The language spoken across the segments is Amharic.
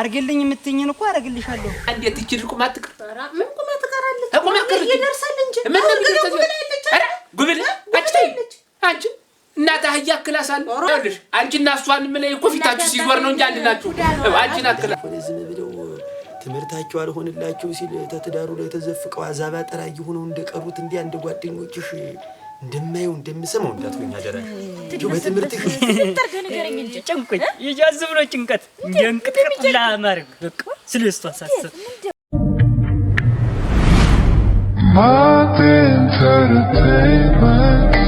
አርግልኝ የምትኝን እኮ አረግልሻለሁ። እንዴት ይችል ቁማ ትቀር ምን ቁማ ትቀራለች? ቁማ ትቀር ይደርሳል እንጂ ምን ጉብል አንቺ እናት አህያ ክላሳል። አንቺ እና እሷን ምን እኮ ፊታችሁ ሲዞር ነው እንጂ አንድ ናችሁ። አንቺ ናት ክላ ትምህርታቸው አልሆንላቸው ሲል ተትዳሩ ላይ ተዘፍቀው አዛባ ጠራጊ ሆነው እንደቀሩት እንዲያ እንደ ጓደኞችሽ እንደማየው እንደምሰማው እንዳትሆኝ አደራሽ። በትምህርትሽ ጭንቁኝ ይጃዝ ብሎ ጭንቀት እንደንቅጥቅጥላ ማድረግ በቃ ስለ እሷ ሳስብ Martin Entertainment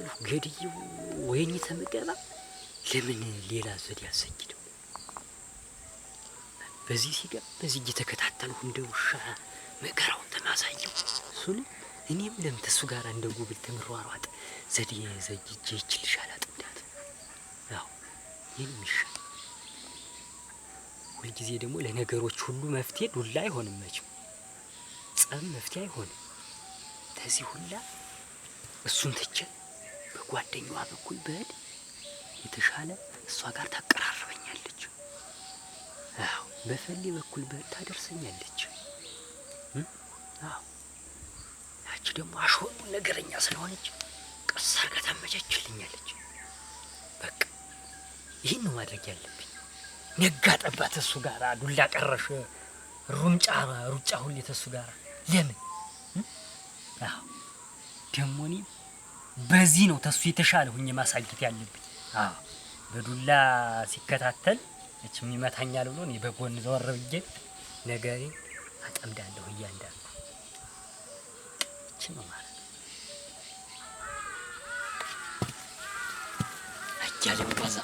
ገድየው ገድየው ወይኔ ተመገባ ለምን ሌላ ዘዴ አልሰግድም? በዚህ ሲገባ በዚህ እየተከታተልሁ እንደ ውሻ መከራውን ተማሳየው እሱን እኔም ለምን ተሱ ጋር እንደ ጉብል ተምሯሯጥ ዘዴ ዘጅጄ ይችልሻል አጥምዳት ያው ይህን ይሻል። ሁልጊዜ ደግሞ ለነገሮች ሁሉ መፍትሄ ዱላ አይሆንም መቼም ጸብ መፍትሄ አይሆንም። ከዚህ ሁላ እሱን ትችል በጓደኛዋ በኩል በህድ የተሻለ እሷ ጋር ታቀራርበኛለች። አዎ በፈሌ በኩል በህድ ታደርሰኛለች። አዎ ያቺ ደግሞ አሾሉ ነገረኛ ስለሆነች ቀስ አርጋ ታመቻችልኛለች። በቃ ይህን ነው ማድረግ ያለብኝ። ነጋ ጠባት እሱ ጋር ዱላ ቀረሽ ሩምጫ ሩጫ ሁሌ ተሱ ጋር ለምን አዎ ደግሞ እኔ በዚህ ነው ተሱ የተሻለ ሁኜ ማሳየት ያለብኝ። በዱላ ሲከታተል እች ይመታኛል ብሎ እኔ በጎን ዘወር ብዬ ነገሬ አጠምዳለሁ። እያንዳንዱ እች ነው ማለት አያለም ጋዛ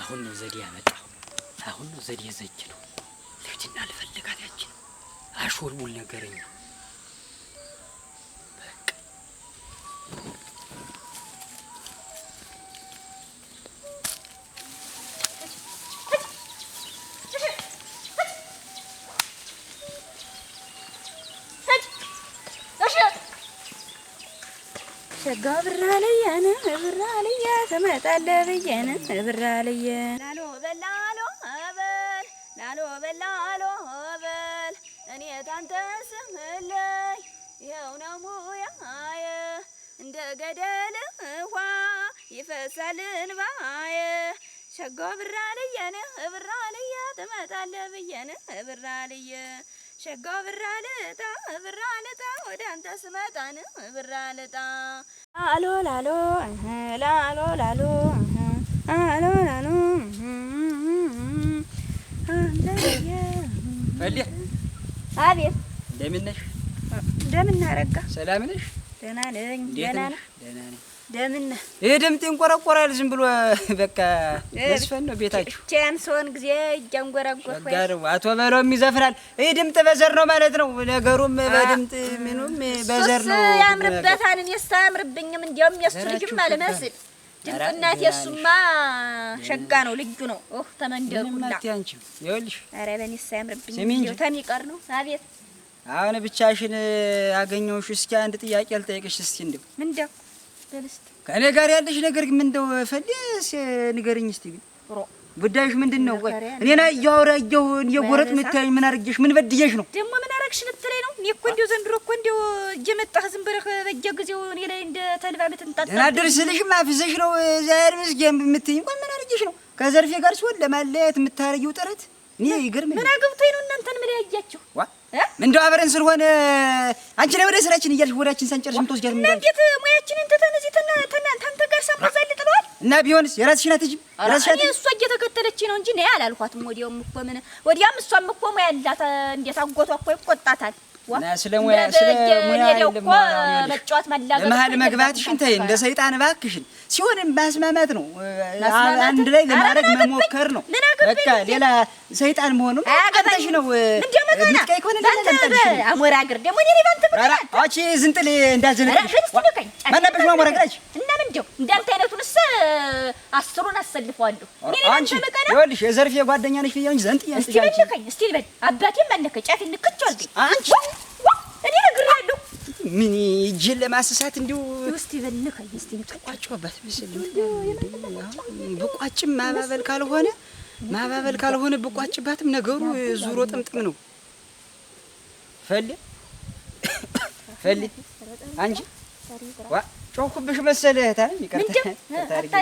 አሁን ነው ዘዴ ያመጣው። አሁን ነው ዘዴ ዘጅ ነው ልጅና ልፈልጋት ያችን አሾልቡል ነገረኛ ገብራለየን እብራለየ ተመጣለ በየን እብራለየ ላሎ በላሎ በል ላሎ በላሎ በል እኔ ታንተ ስምለይ ይኸው ነው ሙያዬ እንደ ገደል ውሃ ይፈሳል እንባዬ ሸጎ ብራለየን እብራለየ ተመጣለ በየን እብራለየ ሸጋ ብራለጣ ብራለጣ ወደ አንተ ስመጣን ብራለጣ ላሎ ላሎ ላሎ ላሎ ላሎ አቤት፣ እንደምን ነሽ? እንደምን አረጋ? ሰላም ነሽ? ደህና ነኝ። ደህና ለምን ይሄ ድምጤ እንቆረቆራል? ዝም ብሎ በቃ መስፈን ነው ቤታችሁ። ብቻዬን ስሆን ጊዜ እያንጎራጎርኩ አቶ በለውም ይዘፍናል። ይሄ ድምጥ በዘር ነው ማለት ነው። ነገሩም በድምጥ ምኑም በዘር ነው። ያምርበታል። እኔስ አያምርብኝም። እንዲያውም የእሱ ልጅም አልመስል ድምፅ እናቴ። እሱማ ሸጋ ነው፣ ልዩ ነው። ኦህ ተመንደሩ ሁላ ይኸውልሽ። ኧረ በእኔስ አያምርብኝም። እንዲያው ተሚቀር ነው። አቤት አሁን ብቻሽን አገኘሁሽ። እስኪ አንድ ጥያቄ ልጠይቅሽ። እስኪ እንደው ምንድን ከእኔ ጋር ያለሽ ነገር ምን እንደው ፈልስ ንገርኝ እስቲ። ግን ጉዳይሽ ምንድን ነው? ቆይ እኔና እያወራየሁ የጎረጥ የምታይኝ ምን አድርጌሽ ምን በድዬሽ ነው? ደግሞ ምን አደረግሽ ልትለኝ ነው? እኔ እኮ እንዲሁ ዘንድሮ እኮ እንዲሁ እየመጣህ ዝም ብለህ በየጊዜው እኔ ላይ እንደ ተልባ ምትንጣጣ እናድር ስልሽ ማፍዘሽ ነው ዛሬ ምስጌም የምትይኝ። ቆይ ምን አድርጌሽ ነው? ከዘርፌ ጋር ሲሆን ለማለያየት የምታረጊው ጥረት እኔ ይገርምኝ ምን አግብቶኝ ነው ተለያችሁ? እንደው አብረን ስለሆነ አንቺ ነው ወደ ስራችን እያልሽ ወዳችን ሳንጨርስ ጀርም ምን እንዴት ሙያችንን ትተን እዚህ ተናንተ ጋር ሰምዘል ጥለዋል። እና ቢሆንስ የራስሽን አትጅም ራስሽን እሷ እየተከተለች ነው እንጂ ነ አላልኳትም። ወዲያውም እኮ ምን ወዲያም እሷም እኮ ሙያ ያላት እንዴት አጎቷ እኮ ይቆጣታል። መሀል መግባትሽን ተይ፣ እንደ ሰይጣን እባክሽን። ሲሆንም ማስማማት ነው፣ አንድ ላይ ለማድረግ መሞከር ነው። በቃ ሌላ ሰይጣን መሆኑም አንተሽ ነው። አሞራ እግር ደግሞ ዝንጥል እንዳዘነጠሽ ማናበሽ አሞራ እንዳንተ አይነቱንስ አስሩን አሰልፈዋለሁ። አንቺ ይኸውልሽ የዘርፌ የጓደኛ ነሽ ብዬሽ እንጂ ዘንጥ እስቲ ልከኝ እስቲ በል አባቴም አለከ ጫት ንክች አልገኝ አንቺ እኔ ነግሬያለሁ። ምን እጄን ለማስሳት እንዲሁ እስቲ በል ልከኝ እስቲ ተቋጭበት ምስል ብቋጭም ማባበል ካልሆነ ማባበል ካልሆነ ብቋጭባትም ነገሩ ዙሮ ጥምጥም ነው። ፈል ፈል አንቺ ዋ ጮኩብሽ መሰለህ እህት አይደል? ይቅርታ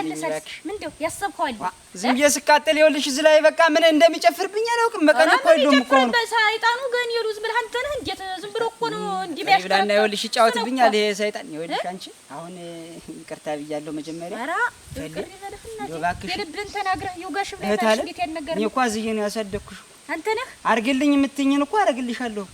ያሰብከው? አለ ዝም ብዬ ስቃጠል ይኸውልሽ፣ እዚህ ላይ በቃ ምን እንደሚጨፍርብኝ አላውቅም። መቀን እኮ አይደለም እኮ ነው ሰይጣኑ። ግን ብለህ አንተ ነህ እንዴት ዝም ብሎ እኮ ነው እንዲህ ቢያሽከረክር ብላና ይኸውልሽ፣ ይጫወትብኛል ይሄ ሰይጣን። ይኸውልሽ አንቺ አሁን ይቅርታ ብያለሁ መጀመሪያ። ኧረ ይቅር ይበልህና የልብህን ተናግረህ ይውጋሽ ብለህ እኮ አዝዬ ነው ያሳደግኩሽ። አንተ ነህ አርግልኝ የምትይኝን እኮ አረግልሻለሁ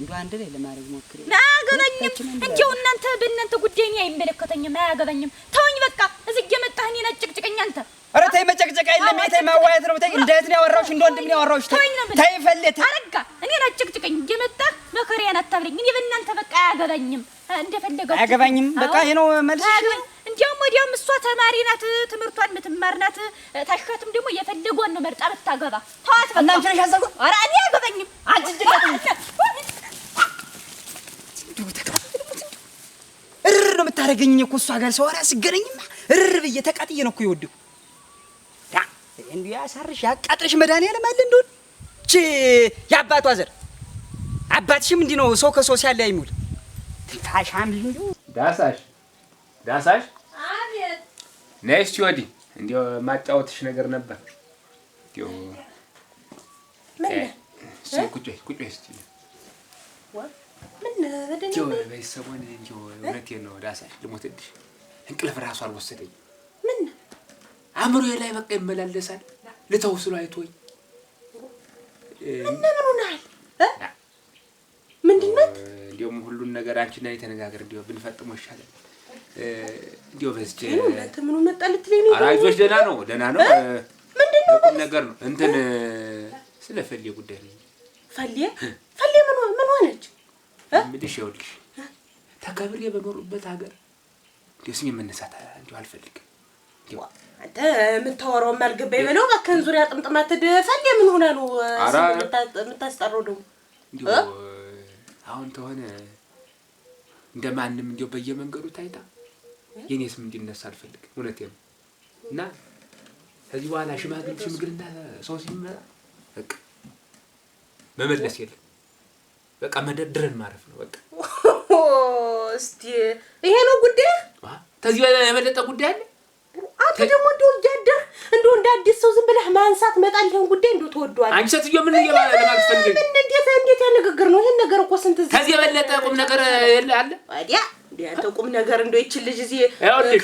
እንዲ አንድ ላይ ለማድረግ ሞክሬ አያገባኝም። እንዲያው እናንተ በእናንተ ጉዳይ እኔ አይመለከተኝም፣ አያገባኝም። ተውኝ በቃ። እዚህ እየመጣህ እኔን አጨቅጭቀኝ አንተ። ኧረ ተይ፣ መጨቅጨቅ የለም ይሄ ተይ፣ ማዋየት ነው። ተይ፣ እንደ እህት ነው ያወራሁሽ፣ እንደ ወንድም ነው ያወራሁሽ። ተይ ተይ፣ አረጋ እኔን አጨቅጭቀኝ። እየመጣህ መከሪያን አታብለኝ። እኔ በእናንተ በቃ አያገባኝም፣ እንደፈለጋችሁ አያገባኝም። በቃ ይሄ ነው መልስ እንዲያውም ወዲያውም እሷ ተማሪ ናት፣ ትምህርቷን የምትማር ናት። ታሽካትም ደግሞ የፈለጓን ነው መርጣ ብታገባ ተዋት በቃ። እናንተ ነሽ አዘጉ። ኧረ እኔ ሲያገኘኝ እኮ እሷ ጋር ሰው አራስ ገረኝማ እርር ብዬ ተቃጥዬ ነው እኮ የወደው ዳ እንዴ ያሳርሽ ያቃጥልሽ መድኃኒዓለም አለ እንደሆነ እቺ የአባቷ ዘር አባትሽም እንዲህ ነው ሰው ከሰው ሲያለያይ የሚውል ትንፋሻም ልጅ ዳሳሽ ዳሳሽ አቤት ነይ እስኪ ወዲህ እንዲያው ማጫወትሽ ነገር ነበር እንዲያው ምን ነው ቁጭ ቁጭ እስኪ ምን በደሰቦን እውነቴን ነው ዳሳሽ ልሞትልሽ፣ እንቅልፍ ራሱ አልወሰደኝ። ምን አእምሮዬ ላይ በቃ ይመላለሳል። ልተው ስሎ አይቶኝ ምንምሩናል ምንድነት እንዲሁም ሁሉን ነገር አንቺና የተነጋገር እንዲ ብንፈጥሞ ይሻላል። እንዲሁ በስቼ ምኑ መጣ ልትለኝ ነው? አይዞሽ ደህና ነው ደህና ነው። ምንድነው ነገር ነው እንትን ስለ ጉዳይ ነው ምልሽ ይኸውልሽ ተከብሬ በኖሩበት ሀገር እንዲሁ ስሜን መነሳት እንዲሁ አልፈልግም። አንተ የምታወራውን በይ በለው በከን ዙሪያ ጥምጥም አትድፈን። የምን ሆነ ነው የምታስጠራው? ደግሞ እንዲሁ አሁን ተሆነ እንደ ማንም እንዲሁ በየመንገዱ ታይታ የኔ ስም እንዲነሳ አልፈልግም። እውነቴ ነው። እና ከዚህ በኋላ ሽማግሌ ሽምግልና ሰው ሲመጣ በቃ መመለስ የለም በቃ መደርድረን ማረፍ ነው። በቃ እስቲ ይሄ ነው ጉዳይ። ከዚህ በላይ የበለጠ ጉዳይ አለ? አንተ ደግሞ እንደው እያደር እንደው እንደ አዲስ ሰው ዝም ብለህ ማንሳት መጣል ይሄን ጉዳይ እንደው ተወዷል። አንቺ ሰትዮ ምን እየማለት እንዴት እንዴት ያ ንግግር ነው? ይሄን ነገር እኮ ስንት ከዚህ የበለጠ ቁም ነገር የለ አለ ታዲያ አንተ ቁም ነገር እንደው ይችል ልጅ እዚህ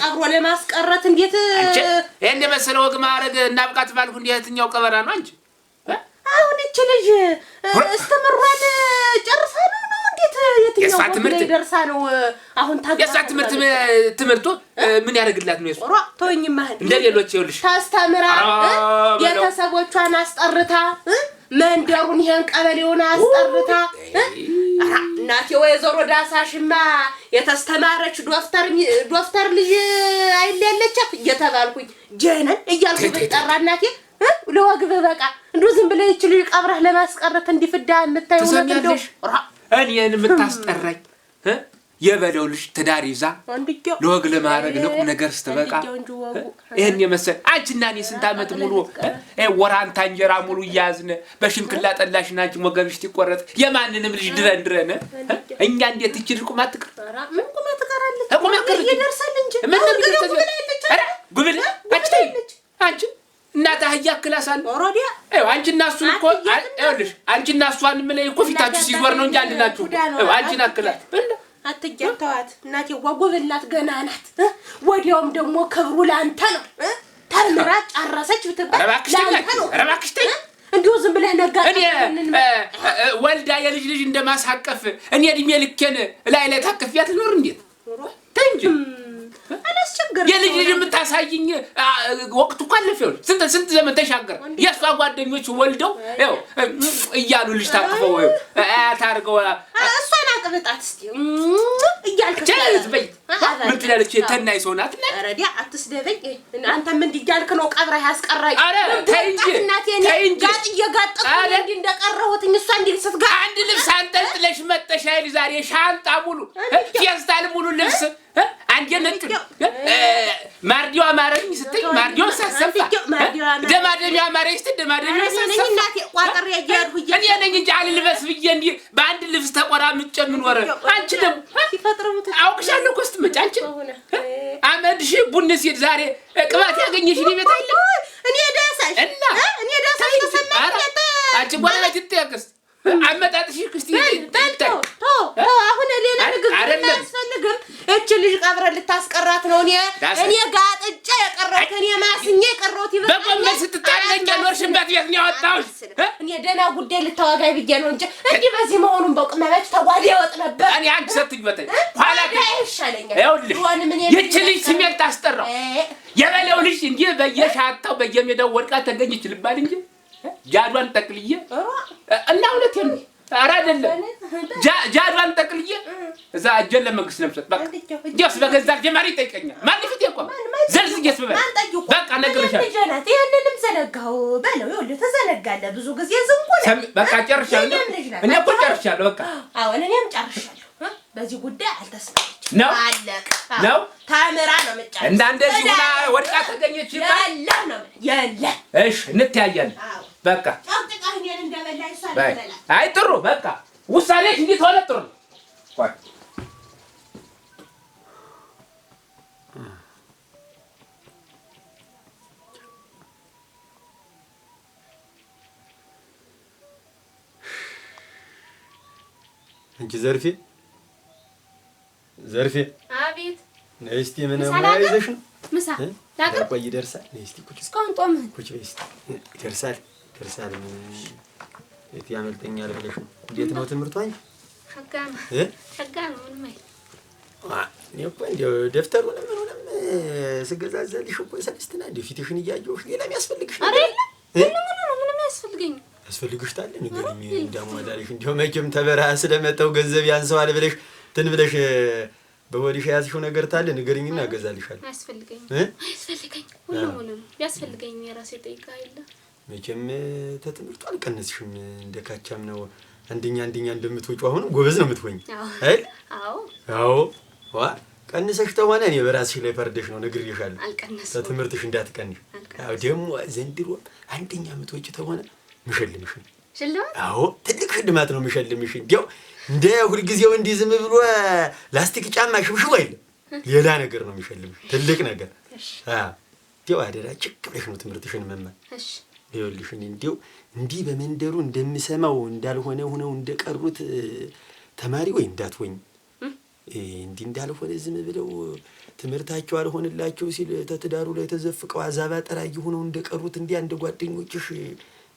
ቀብሮ ለማስቀረት እንዴት ይሄን የመሰለ ወግ ማድረግ እናብቃት ባልኩ እንዴ የትኛው ቀበራ ነው አንቺ አሁን ይችል ልጅ እስተ ትምህርት ደርሳ ነው አሁን ታገባ። የእሷ ትምህርት ትምህርቱ ምን ያደርግላት ነው? የእሷ ተወኝማ እንደ ሌሎች ይኸውልሽ ታስተምራ ቤተሰቦቿን አስጠርታ መንደሩን ይሄን ቀበሌውን አስጠርታ እናቴ ወይዘሮ ዳሳሽማ የተስተማረች ዶክተር ዶክተር ልጅ አይለለቻት እየተባልኩኝ ጀነን እያልኩ ብጠራ እናቴ ለወግ በበቃ እንዱ ዝም ብለ ይችሉ ቀብረህ ለማስቀረት እንዲፍዳ የምታይ እውነት እንደው እኔን የምታስጠራኝ የበለው ልጅ ትዳር ይዛ ለወግ ለማድረግ ለቁም ነገር ስትበቃ ይህን የመሰል አንቺና እኔ ስንት ዓመት ሙሉ ወራንታ እንጀራ ሙሉ እያዝነ በሽንክላ ጠላሽና አንቺ ወገብሽ ትቆረጥ የማንንም ልጅ ድረን ድረን እኛ እንዴት ይችል ቁማ ትቅር ቁማ ትቅር ጉብል አንቺ እናት እያክላሳል ክላሳል ኦሮዲያ አንቺ አንቺና እሱን እኮ አይውልሽ አንቺና እሷን ምን ላይ እኮ ፊታችሁ ሲዞር ነው እንጂ አንድ ናችሁ። አይው አንቺና ክላት አትያት ተዋት። እናቴ ዋጎበላት ገና ናት። ወዲያውም ደግሞ ክብሩ ለአንተ ነው። ተምራ ጨረሰች ብትባል ላንተ ነው። እባክሽ ተይ። እንዲሁ ዝም ብለህ ነጋ ወልዳ የልጅ ልጅ እንደማሳቀፍ እኔ እድሜ ልኬን ላይ ላይ ታቅፊያት ልኖር እንዴት ሳይታይኝ ወቅቱ እኮ አለፈ። ስንት ስንት ዘመን ተሻገር። የእሷ ጓደኞች ወልደው ው እያሉ ልጅ ታቅፈው ታርገው እሷን አቅብጣት ስ እያልክ ምን ትላለች? የተናይ ሰው ናት። ረዲ አትስደበኝ። አንተም እንዲያልክ ነው ቀብረህ ያስቀራኝ። አንድ ልብስ አንጠልጥለሽ መጠሻ ይል ዛሬ ሻንጣ ሙሉ ፌስታል ሙሉ ልብስ አንድ ነጭ ማርዲዋ ማረኝ ስትይ ማርዲዋ ሳሰፋ ደማደሚያ ማረኝ ስትይ ደማደሚያ ሳሰፋ እኔ ነኝ እንጂ አልልበስ ብዬ እንዲህ በአንድ ልብስ ተቆራምጬ የምኖር አንቺ ደግሞ አውቅሻለሁ እኮ አትመጭ አንቺ አመድ ሺህ ቡን ሲል ዛሬ ቅባት ያገኘሽ ኒ ቤት አለ እኔ ዳሳሽ እና እኔ ዳሳሽ ተሰማኝ አንቺ በኋላ ትጠቅስ አመጣጥሽ እስኪ አሁን ሌላ አያስፈልግም። እች ልጅ ልታስቀራት ነው። እኔ እኔ የቀረሁት እኔ ማስኜ የቀረሁት ይበቃል። ነው ያወጣሁሽ። እኔ ደህና ጉዳይ ልታወጋኝ ነው እንጂ እንዲህ በዚህ መሆኑን ነበር። እኔ አንቺ ሰትኝ በተኝ ኋላ ይሻለኛል። ይች ልጅ ስሜን ታስጠራው የበለው ልጅ እንዲህ በየሻታው በየሜዳው ወድቃ ተገኘች እንጂ ጃዷን ጠቅልዬ እና ሁለት የሚ ኧረ አይደለም ጃዷን ጠቅልዬ እዛ እጀን ለመንግስት ለምሰጥ በቃ እጀስ በገዛ ጀማሪ ይጠይቀኛል። ማን ፊት የቆመ ዘልዝጌስ ብበል በቃ ነግሬሻለሁ። ይህንንም ዘነጋው በለው። ይኸውልህ ተዘነጋለህ ብዙ ጊዜ ዝም በቃ ጨርሻለሁ። እኔ እኮ ጨርሻለሁ። በቃ አሁን እኔም ጨርሻለሁ። በዚህ ጉዳይ አልተስማማችም ነው ነው ታምራ ነው መጫ እንዳንደዚህ ወድቃ ተገኘች ይባል የለም። እሺ እንተያያለን በቃ አይ ጥሩ በቃ ውሳኔሽ እንዴት ሆነ? ጥሩ ነው። እንጂ ዘርፌ ዘርፌ፣ አቤት። ነይ እስኪ ምን አይዘሽ ምሳ ላቅርብ። ቆይ ይደርሳል። ነይ እስኪ ቁጭ እስካሁን ጦምህን ቁጭ በይ እስኪ ይደርሳል ትርሳለህ? የት ያመልጠኛል ብለሽ እንዴት ነው ትምህርቱ? አንቺ ሸጋ ነው። ፊትሽን እያየሁሽ ሌላ የሚያስፈልግሽ ያስፈልገኝ ያስፈልግሽታል። ንገሪኝ እንዳሟላልሽ። እንዲያው መቼም ተበረሃ ስለመጣው ገንዘብ ያንሰዋል ብለሽ ትን ብለሽ በወዲሽ የያዝሽው ነገር ታለ ንገሪኝና እገዛልሻለሁ። ያስፈልገኝ ያስፈልገኝ ሁሉም ሁሉም ያስፈልገኝ የራሴ ጠይቃ የለ መቼም ተትምህርቱ አልቀነስሽም። እንደ ካቻም ነው አንደኛ አንደኛ እንደምትወጪው አሁንም ጎበዝ ነው የምትሆኝ አይደል? አዎ ዋ ቀንሰሽ ተሆነ እኔ በራስሽ ላይ ፈርደሽ ነው ነግሬሻለሁ። ተትምህርትሽ እንዳትቀንሽ። አዎ ደግሞ ዘንድሮ አንደኛ የምትወጪ ተሆነ ምሸልምሽ ነው። አዎ ትልቅ ሽልማት ነው ምሸልምሽ። እንዲያው እንደ ሁልጊዜው እንዲህ ዝም ብሎ ላስቲክ ጫማ ሽብሽብ አይደለም፣ ሌላ ነገር ነው የሚሸልምሽ፣ ትልቅ ነገር። እንዲያው አደራ ችክ ብለሽ ነው ትምህርትሽን መማር። ይኸውልሽን እንዲው እንዲህ በመንደሩ እንደምሰማው እንዳልሆነ ሆነው እንደቀሩት ተማሪ ወይ እንዳትሆኝ እንዲህ እንዳልሆነ ዝም ብለው ትምህርታቸው አልሆንላቸው ሲል ተትዳሩ ላይ ተዘፍቀው አዛባ ጠራጊ ሆነው እንደቀሩት እንዲህ እንደ ጓደኞችሽ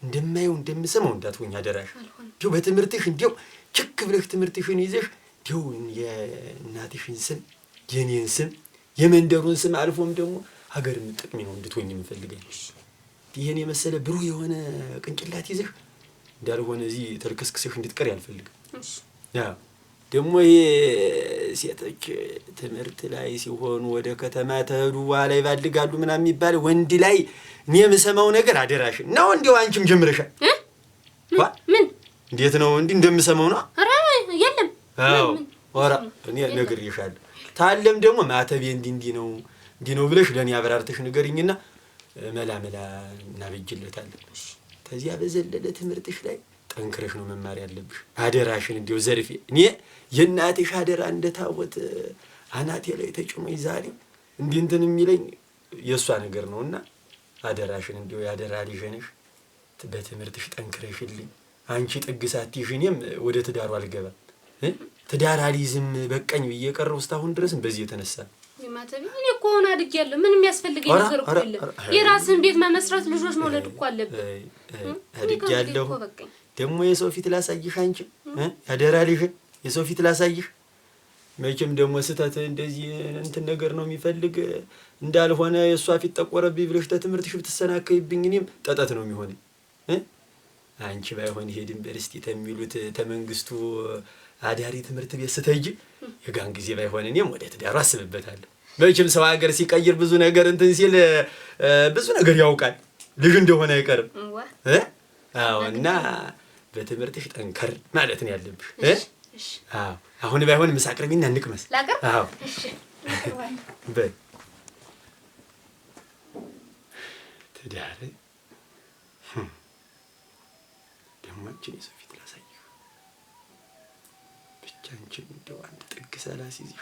እንደማየው እንደምሰማው እንዳትሆኝ አደራሽ። እንዲሁ በትምህርትሽ እንዲው ችክ ብለሽ ትምህርትሽን ይዘሽ እንዲው የእናትሽን ስም የኔን ስም የመንደሩን ስም አልፎም ደግሞ ሀገር የምጠቅሚ ነው እንድትወኝ የምፈልገኝ ይሄን የመሰለ ብሩህ የሆነ ቅንጭላት ይዘህ እንዳልሆነ እዚህ ተልከስክስህ እንድትቀር ያልፈልግም። ደግሞ ይሄ ሴቶች ትምህርት ላይ ሲሆኑ ወደ ከተማ ተሄዱ በኋላ ይባልጋሉ ምናምን የሚባል ወንድ ላይ እኔ የምሰማው ነገር አደራሽ ነው። እንዲው አንቺም ጀምረሻል። ምን እንዴት ነው እንዲህ እንደምሰማው ነው? ኧረ የለም። አዎ ኧረ እኔ ነግሬሻለሁ። ታለም ደግሞ ማተቤ እንዲህ እንዲህ ነው እንዲህ ነው ብለሽ ለእኔ አብራርተሽ ንገሪኝና መላመላ እናበጅለታለን። ከዚያ በዘለለ ትምህርትሽ ላይ ጠንክረሽ ነው መማር ያለብሽ። አደራሽን እንዲው ዘርፌ እኔ የእናትሽ አደራ እንደታወት አናቴ ላይ ተጭኖኝ ዛሬ እንዲህ እንትን የሚለኝ የእሷ ነገር ነውና አደራሽን እንዲሁ ያደራ ልጅነሽ በትምህርትሽ ጠንክረሽልኝ። አንቺ ጥግሳትሽ እኔም ወደ ትዳሩ አልገባም ትዳር አልይዝም ብዬ ቀረው እስካሁን ድረስም በዚህ የተነሳ ማተቢ እኔ እኮ አሁን አድጌያለሁ። ምንም የሚያስፈልገኝ ነገር እኮ የለም። የራስህን ቤት መመስረት ልጆች መውለድ እኮ አድጌያለሁ ደግሞ የሰው ፊት ላሳይህ። አንቺ ያደራ የሰው ፊት ላሳይህ። መቼም ደግሞ ስህተት እንደዚህ እንትን ነገር ነው የሚፈልግ እንዳልሆነ የእሷ ፊት ጠቆረብኝ ብለሽ ተትምህርትሽ ብትሰናከይብኝ እኔም ጠጠት ነው የሚሆነኝ። አንቺ ባይሆን ይሄ ተሚሉት ተመንግስቱ አዳሪ ትምህርት ቤት ስትሄጂ የጋን ጊዜ ባይሆን እኔም ወደ ትዳሩ አስብበታለሁ። መቼም ሰው ሀገር ሲቀይር ብዙ ነገር እንትን ሲል ብዙ ነገር ያውቃል ልጅ እንደሆነ አይቀርም። አዎ እና በትምህርትሽ ጠንከር ማለት ነው ያለብሽ። አዎ አሁን ባይሆን ምሳ አቅርቢና እንቅመስ። አዎ በይ ትዳር ደማችን የሰው ፊት ላሳየሁ ብቻ አንቺን እንደው አንድ ጥግ ሰላሲ ይዚሁ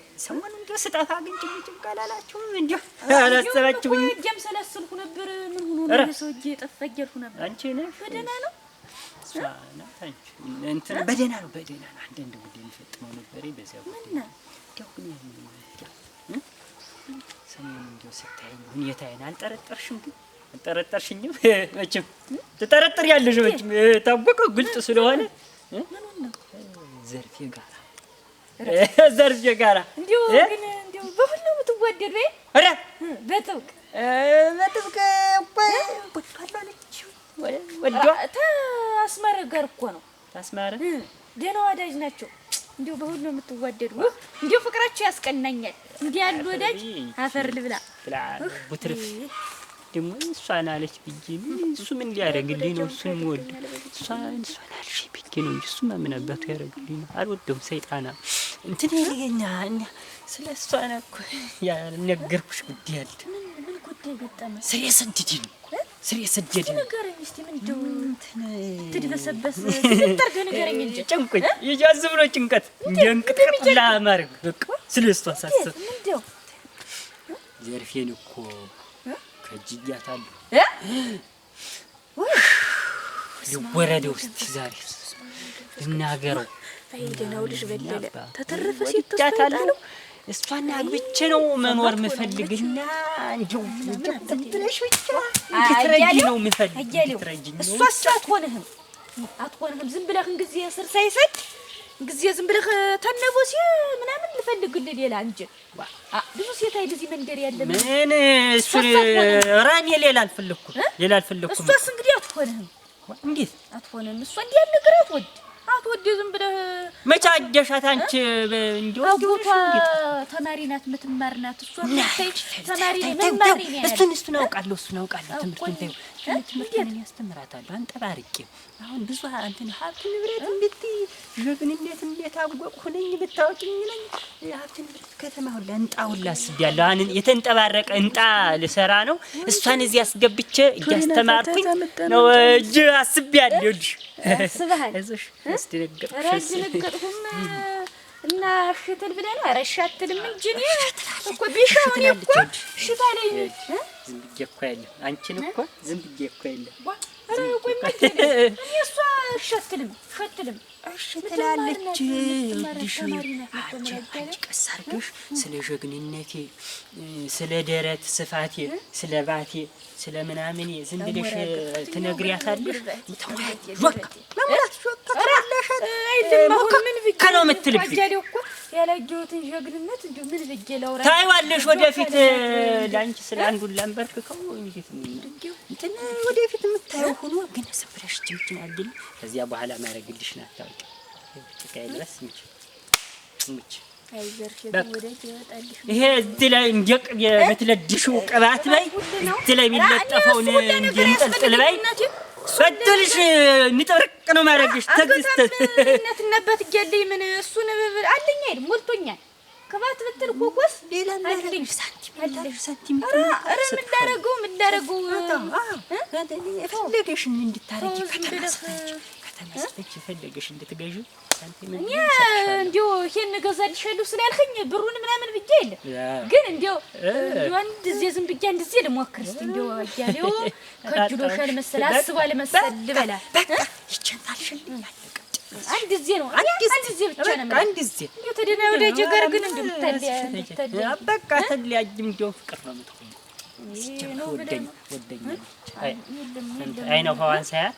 ሰሞኑን እንዲያው ስጠፋ ግን ጭምጭም አላላችሁም? እንዲያው አላሰራችሁኝ። እጄም ሰላሰልኩ ነበር። ምን ሆኖ ነው የሰው እጄ የጠፋ እያልኩ ነበር። አንቺ ነሽ በደህና ነው? እንትን በደህና ነው፣ በደህና ነው። አንዳንድ ጉዳይ የሚፈጥመው ነበር። በዚያ ጉዳይ እንዲያው ግን ያን ሰሞኑን እንዲያው ስታይኝ ሁኔታዬን አልጠረጠርሽም ግን አልጠረጠርሽኝም። መቼም ትጠረጥሪያለሽ መቼም ታወቀው ግልጥ ስለሆነ ዘርፌ ጋር እዛ ልጅ ጋራ እንዲሁ ግን እንዲሁ በሁሉም ትወደድ ወይ? ኧረ በጥብቅ በጥብቅ ታስማረ ጋር እኮ ነው። ታስማረ ደህና ወዳጅ ናቸው። እንዲሁ በሁሉ የምትዋደዱ እንዲሁ ፍቅራችሁ ያስቀናኛል። እንዲህ ያሉ ወዳጅ አፈር ልብላ ደግሞ እሷን አለች ብዬ እሱ ምን ሊያደርግልኝ ነው? እሱ ወድ እሷን እሷን አልሽ ብዬ ነው እንጂ እሱማ ምን ያደርግልኝ ነው? አልወደውም። ሰይጣና እንትን ያደገኛ እኛ ስለ እሷን እኮ ያነገርኩሽ ጉዳይ አለ። ስሬ ነው፣ ትድበሰበስ እንጂ ጭንቁኝ ብሎ ጭንቀት ላማርግ በቃ ስለ እሷ ሳስብ ዘርፌን እኮ ፈጅያታለሁ። ወረደው እስቲ ዛሬ ልናገረው። ደህናው ልጅ በደለ ተተረፈ ሲታታለሁ። እሷን አግብቼ ነው መኖር የምፈልግና እንዲሁ ትንሽ ብቻ እንድትረጂ ነው የምፈልግ። እሷስ አትሆንህም፣ አትሆንህም ዝም ብለህ ጊዜ ስር ሳይሰድ ጊዜ ዝም ብለህ ተነቦስ ሲ ምናምን ልፈልግልህ ሌላ እንጂ ብዙ ሴት አይ እዚህ መንደር ያለ ምን እሱ ራኔ ሌላ አልፈለኩም ሌላ አልፈለኩም። እሷስ እንግዲህ አትሆንህም። እንዴት አትሆንህም? እሷ እንዲህ ያለ ግራት ወድ አትወድ ዝም ብለህ መቼ አጀሻት አንቺ? እንዲሁ አጎቷ ተማሪ ናት፣ የምትማር ናት። እሷ ተማሪ እሱን እሱን አውቃለሁ እሱን አውቃለሁ። ትምህርቱን ተይው፣ ትምህርቱን ያስተምራታለሁ አንጠባርቂ አሁን ብዙ እንትን ሀብት ንብረት እንዴት ጀግንነት እንዴት አወቅ ሁነኝ ብታወቂኝ ነኝ ሀብት ንብረት ከተማ ሁላ እንጣ ሁላ አስቤያለሁ። አሁን የተንጠባረቀ እንጣ ልሰራ ነው። እሷን እዚህ አስገብቼ እያስተማርኩኝ ነው እጅ አስቤያለሁ እጅ ያስብሃል ረድንቅጥሁም እና ሽትል ብለህ ነው። ኧረ እሺ እንጂ እኔ እኮ ቢሻውን እኮ እሺ ታለኝ። ዝም ብዬሽ እኮ የለም አንቺን እኮ ዝም ብዬሽ እኮ የለም። ኧረ ቆይ እሷ እሺ አትልም ትላለች እድሽ አንቺ አንቺ ቀስ አድርገሽ ስለ ጀግንነቴ፣ ስለ ደረት ስፋቴ፣ ስለ ባቴ፣ ስለ ምናምኔ ዝም ብለሽ ትነግሪያታለሽ። ከነው የምትልብኝ ጀግንነት ምን ታይዋለሽ። ወደፊት ለአንቺ ስለ አንዱን ላንበርክከው እንዴት እንትን ወደፊት የምታየው ሆኖ ግን ስብረሽ ጅምትን አድል ከዚያ በኋላ ማድረግልሽ ናታው ይሄ እዚህ ላይ እንደ ቅቤ የምትለድሽው ቅባት ላይ እዚህ ላይ የሚለጠፈውን እንደ እንጥልጥል ላይ በድልሽ ንጥርቅ ነው ማድረግሽ። ትዕግስት ነትነበት ገል ምን እሱን አለኝ አይደል ሞልቶኛል። ቅባት ብትል ኮኮስ አለኝ ሳንቲም ሳንቲም እንዲሁ ይሄን እገዛልሻለሁ ስላልከኝ ብሩን ምናምን ብዬ የለ ግን እንዲሁ አንድ ዜ ዝም ብዬ አንድ ዜ ልሞክር እስኪ እንዲሁ እያሌው ከጅሎሻል መሰል አስቧል መሰል ልበላ ይቸናልሽልኝ አንድ ዜ ነው አንድ ዜ ብቻ ነው አንድ ዜ እንዲሁ ተደና ወዳጄ ጋር ግን እንዲሁ ምታለያ በቃ ተለያይም እንዲሁ ፍቅር ነው የምትሆኝ ወደኛ ወደኛ አይነ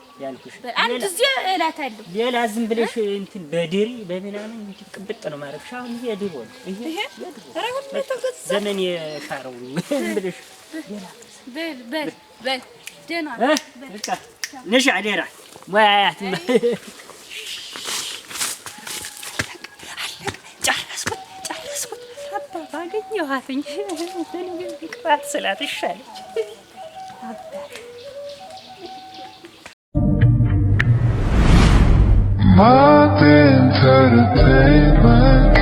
ያልኩሽ አንድ ጊዜ እላታለሁ። ሌላ ዝም ብለሽ እንትን በድሪ በምናምን ቅብጥ ነው ማረግሽ። አሁን ይሄ ድሮ ነው፣ ይሄ ዘመን የሻረው ብለሽ በል በል በል ደህና ነሽ አደራ ሙያያት ባገኘኋትኝ ቅባት ስላት ይሻለች አባት my entertainment.